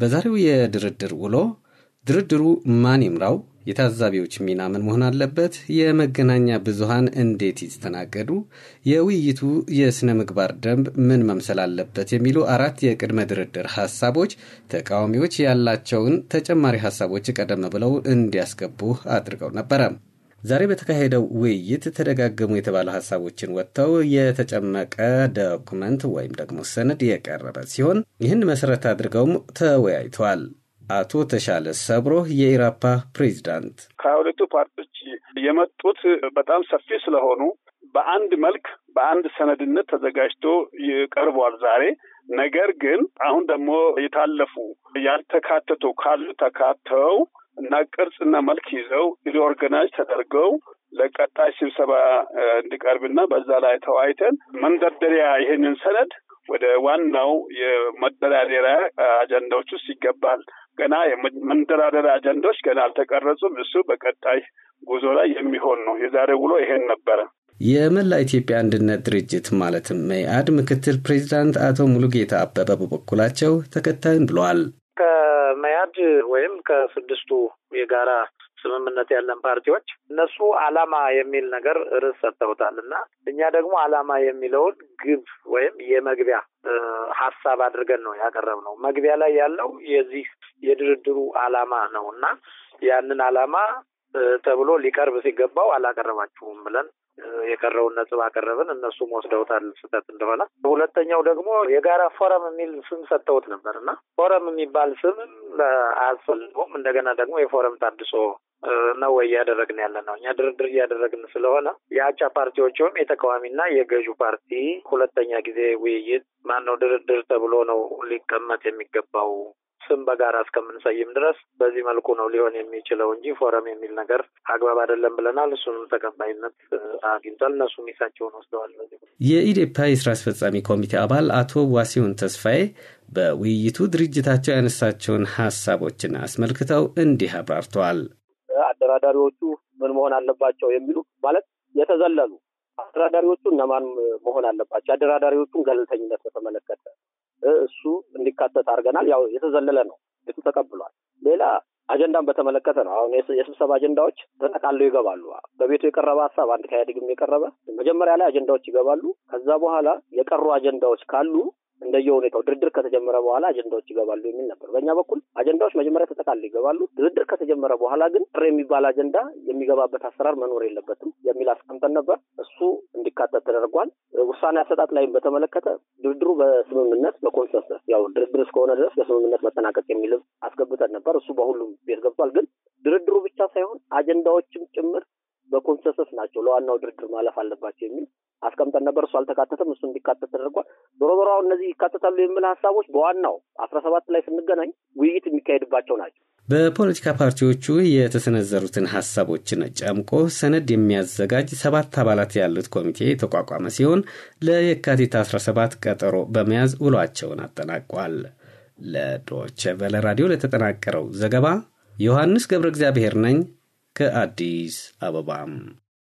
በዛሬው የድርድር ውሎ ድርድሩ ማን ይምራው፣ የታዛቢዎች ሚና ምን መሆን አለበት፣ የመገናኛ ብዙሃን እንዴት ይስተናገዱ፣ የውይይቱ የሥነ ምግባር ደንብ ምን መምሰል አለበት የሚሉ አራት የቅድመ ድርድር ሐሳቦች ተቃዋሚዎች ያላቸውን ተጨማሪ ሐሳቦች ቀደም ብለው እንዲያስገቡ አድርገው ነበረ። ዛሬ በተካሄደው ውይይት ተደጋገሙ የተባለ ሀሳቦችን ወጥተው የተጨመቀ ዶኩመንት ወይም ደግሞ ሰነድ የቀረበ ሲሆን ይህን መሰረት አድርገውም ተወያይተዋል። አቶ ተሻለ ሰብሮ የኢራፓ ፕሬዚዳንት፣ ከሁለቱ ፓርቲዎች የመጡት በጣም ሰፊ ስለሆኑ በአንድ መልክ በአንድ ሰነድነት ተዘጋጅቶ ይቀርቧል ዛሬ ነገር ግን አሁን ደግሞ የታለፉ ያልተካተቱ ካሉ ተካተው እና ቅርጽና መልክ ይዘው ሪኦርጋናይዝ ተደርገው ለቀጣይ ስብሰባ እንዲቀርብና በዛ ላይ ተወያይተን መንደርደሪያ ይህንን ሰነድ ወደ ዋናው የመደራደሪያ አጀንዳዎች ውስጥ ይገባል። ገና የመንደራደሪያ አጀንዳዎች ገና አልተቀረጹም። እሱ በቀጣይ ጉዞ ላይ የሚሆን ነው። የዛሬ ውሎ ይሄን ነበረ። የመላ ኢትዮጵያ አንድነት ድርጅት ማለትም መኢአድ ምክትል ፕሬዚዳንት አቶ ሙሉጌታ አበበ በበኩላቸው ተከታዩን ብለዋል። ከመያድ ወይም ከስድስቱ የጋራ ስምምነት ያለን ፓርቲዎች እነሱ አላማ የሚል ነገር ርዕስ ሰጥተውታል እና እኛ ደግሞ አላማ የሚለውን ግብ ወይም የመግቢያ ሀሳብ አድርገን ነው ነው። መግቢያ ላይ ያለው የዚህ የድርድሩ አላማ ነው እና ያንን አላማ ተብሎ ሊቀርብ ሲገባው አላቀረባችሁም ብለን የቀረውን ነጥብ አቀረብን። እነሱም ወስደውታል ስህተት እንደሆነ። ሁለተኛው ደግሞ የጋራ ፎረም የሚል ስም ሰጥተውት ነበር እና ፎረም የሚባል ስም አያስፈልገውም። እንደገና ደግሞ የፎረም ታድሶ ነው ወይ እያደረግን ያለ ነው። እኛ ድርድር እያደረግን ስለሆነ የአቻ ፓርቲዎችም የተቃዋሚና የገዢ ፓርቲ ሁለተኛ ጊዜ ውይይት ማነው ድርድር ተብሎ ነው ሊቀመጥ የሚገባው ስም በጋራ እስከምንሰይም ድረስ በዚህ መልኩ ነው ሊሆን የሚችለው እንጂ ፎረም የሚል ነገር አግባብ አይደለም ብለናል። እሱንም ተቀባይነት አግኝቷል። እነሱ ሚሳቸውን ወስደዋል። የኢዴፓ የስራ አስፈጻሚ ኮሚቴ አባል አቶ ዋሲሁን ተስፋዬ በውይይቱ ድርጅታቸው ያነሳቸውን ሀሳቦችን አስመልክተው እንዲህ አብራርተዋል። አደራዳሪዎቹ ምን መሆን አለባቸው የሚሉ ማለት የተዘለሉ አደራዳሪዎቹ እነማን መሆን አለባቸው፣ አደራዳሪዎቹን ገለልተኝነት በተመለከተ እሱ እንዲካተት አድርገናል። ያው የተዘለለ ነው ቤቱ ተቀብሏል። ሌላ አጀንዳን በተመለከተ ነው። አሁን የስብሰባ አጀንዳዎች ተጠቃለው ይገባሉ። በቤቱ የቀረበ ሀሳብ አንድ ከኢህአዴግም የቀረበ መጀመሪያ ላይ አጀንዳዎች ይገባሉ። ከዛ በኋላ የቀሩ አጀንዳዎች ካሉ እንደየሁኔታው ድርድር ከተጀመረ በኋላ አጀንዳዎች ይገባሉ የሚል ነበር። በእኛ በኩል አጀንዳዎች መጀመሪያ ተጠቃልለው ይገባሉ። ድርድር ከተጀመረ በኋላ ግን ጥሬ የሚባል አጀንዳ የሚገባበት አሰራር መኖር የለበትም የሚል አስቀምጠን ነበር። እሱ እንዲካተት ተደርጓል። ውሳኔ አሰጣጥ ላይም በተመለከተ ድርድሩ በስምምነት በኮንሰንሰስ ያው ድርድር እስከሆነ ድረስ በስምምነት መጠናቀቅ የሚል አስገብተን ነበር። እሱ በሁሉም ቤት ገብቷል። ግን ድርድሩ ብቻ ሳይሆን አጀንዳዎችም ጭምር በኮንሰንሰስ ናቸው ለዋናው ድርድር ማለፍ አለባቸው የሚል ተቀምጠን ነበር። እሱ አልተካተተም፣ እሱ እንዲካተት ተደርጓል። ዞሮ ዞሮ አሁን እነዚህ ይካተታሉ የምል ሀሳቦች በዋናው አስራ ሰባት ላይ ስንገናኝ ውይይት የሚካሄድባቸው ናቸው። በፖለቲካ ፓርቲዎቹ የተሰነዘሩትን ሀሳቦችን ጨምቆ ሰነድ የሚያዘጋጅ ሰባት አባላት ያሉት ኮሚቴ የተቋቋመ ሲሆን ለየካቲት 17 ቀጠሮ በመያዝ ውሏቸውን አጠናቋል። ለዶቼ ቬለ ራዲዮ ለተጠናቀረው ዘገባ ዮሐንስ ገብረ እግዚአብሔር ነኝ ከአዲስ አበባም